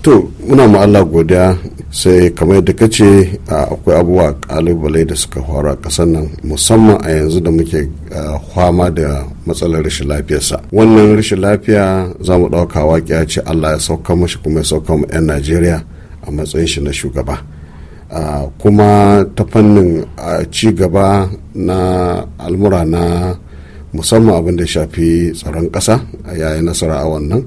to muna ma Allah godiya sai kamar yadda ka ce akwai abubuwa kalubale da suka fara kasan nan musamman a yanzu da muke kwama da matsalar rashin lafiyarsa wannan rashin lafiya za mu ɗauka waƙiya ce Allah ya sauka mashi kuma ya sauka mu 'yan Najeriya a matsayin shi na shugaba kuma ta fannin ci gaba na almura na musamman abin da shafi tsaron ƙasa yayin nasara a wannan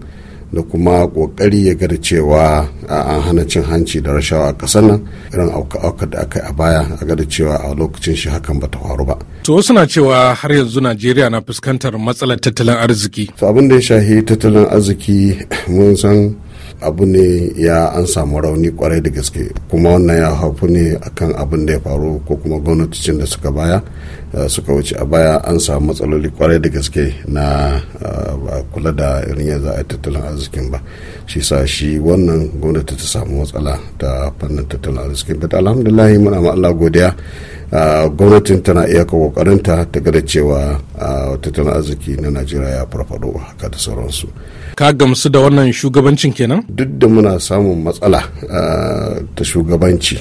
da kuma kokari ya gada cewa an hana cin hanci da rashawa a ƙasar nan irin auka da aka yi a baya a gada cewa a lokacin shi hakan ba ta faru ba. to wasu na cewa har yanzu najeriya na fuskantar matsalar tattalin arziki. to abin da ya shahi tattalin arziki mun san abu ne ya an samu rauni kwarai da gaske kuma wannan ya haufu ne akan abin da ya faru ko kuma gwamnatocin da suka baya Eh, suka wuce a baya an samu matsaloli kwarai da gaske na eh, kula da irin yadda a tattalin arzikin ba shi sa shi wannan gwamnati ta samu matsala ta fannin tattalin arzikin ba alhamdulillah muna ma Allah godiya eh, gwamnatin tana iya iyaka kokarinta ta gada cewa tattalin arziki na Najeriya ya farfado haka da sauransu ka gamsu da wannan shugabancin kenan duk da muna samun matsala ta shugabanci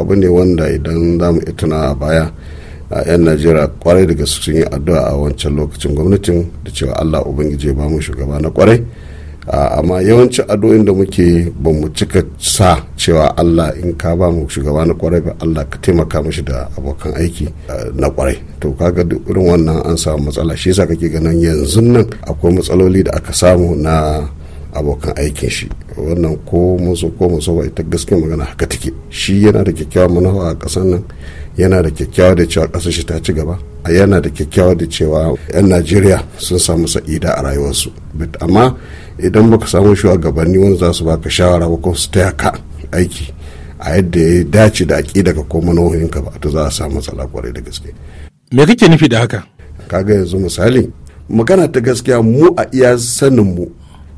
abu ne wanda idan zamu mu tuna a baya a 'yan najeriya kwarai daga sun yi addu'a a wancan lokacin gwamnatin da cewa allah ubangiji ya bamu shugaba na kwarai amma yawancin addu'o'in da muke ba mu cika sa cewa allah in ka ba mu shugaba na kwarai ba allah ka taimaka mashi da abokan aiki na kwarai to kaga duk irin wannan an samu matsala shi yasa kake ganin yanzu nan akwai matsaloli da aka samu na abokan aikin shi wannan ko so ko so ba ita gaske magana haka take shi yana da kyakkyawan manufa a ƙasar nan yana da kyakkyawa da cewa ƙasar shi ta ci gaba a yana da kyakkyawa da cewa 'yan najeriya sun samu sa'ida a rayuwarsu amma idan baka samu shugabanni wanda za su baka shawara ko su taya ka aiki a yadda ya dace da aƙida daga ko manohinka ba to za a samu matsala kwarai da gaske me kake nufi da haka kaga yanzu misali magana ta gaskiya mu a iya sanin mu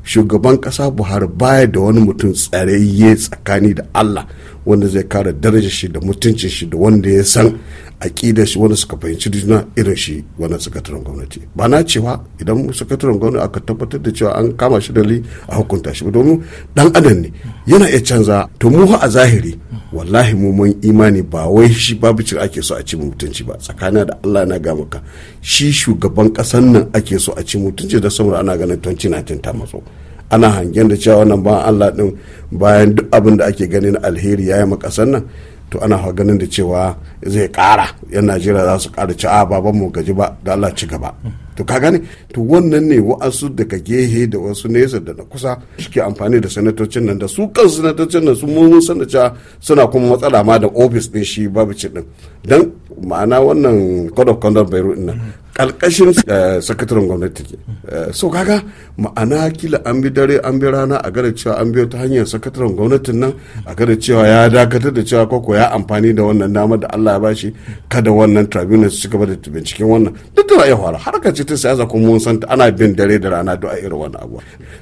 shugaban kasa buhari baya da wani mutum tsareye tsakani da allah wanda zai kara darajar shi da mutuncin shi da wanda ya san aƙidar shi wanda suka fahimci juna irin shi wannan sakataren gwamnati ba na cewa idan sakataren gwamnati aka tabbatar da cewa an kama shi da a hukunta shi domin dan adam ne yana iya canza to mu a zahiri wallahi mu mun imani ba wai shi babu cin ake so a ci mutunci ba tsakana da Allah na ga maka shi shugaban kasan nan ake so a ci mutunci da saboda ana ganin 2019 ta matso ana hangen da cewa wannan ba Allah din bayan duk abin da ake ganin alheri yayi ma kasan nan to ana ganin da cewa zai kara yan najeriya za su kara ci a baban mu gaji ba da allah ci gaba to ka gane to wannan ne wa'asu daga gehe da wasu nesa da na kusa suke amfani da sanatocin nan da su kan sanatocin nan su mun san da suna kuma matsala ma da ofis din shi babu cin din dan ma'ana wannan code of conduct bai nan ƙarƙashin eh, sakataren gwamnati ke eh, so kaga ma'ana kila an bi dare an bi rana a gada cewa an biyo ta hanyar sakataren gwamnatin nan a gada cewa ya dakatar da cewa koko ya amfani da wannan namar da Allah ya bashi kada wannan tribunal su gaba da binciken wannan duk da ya fara harka ce ta siyasa kuma mun san ana bin dare da rana duk a irin wannan abu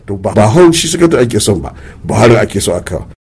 to ba hau shi sakataren ake son ba ba har ake so aka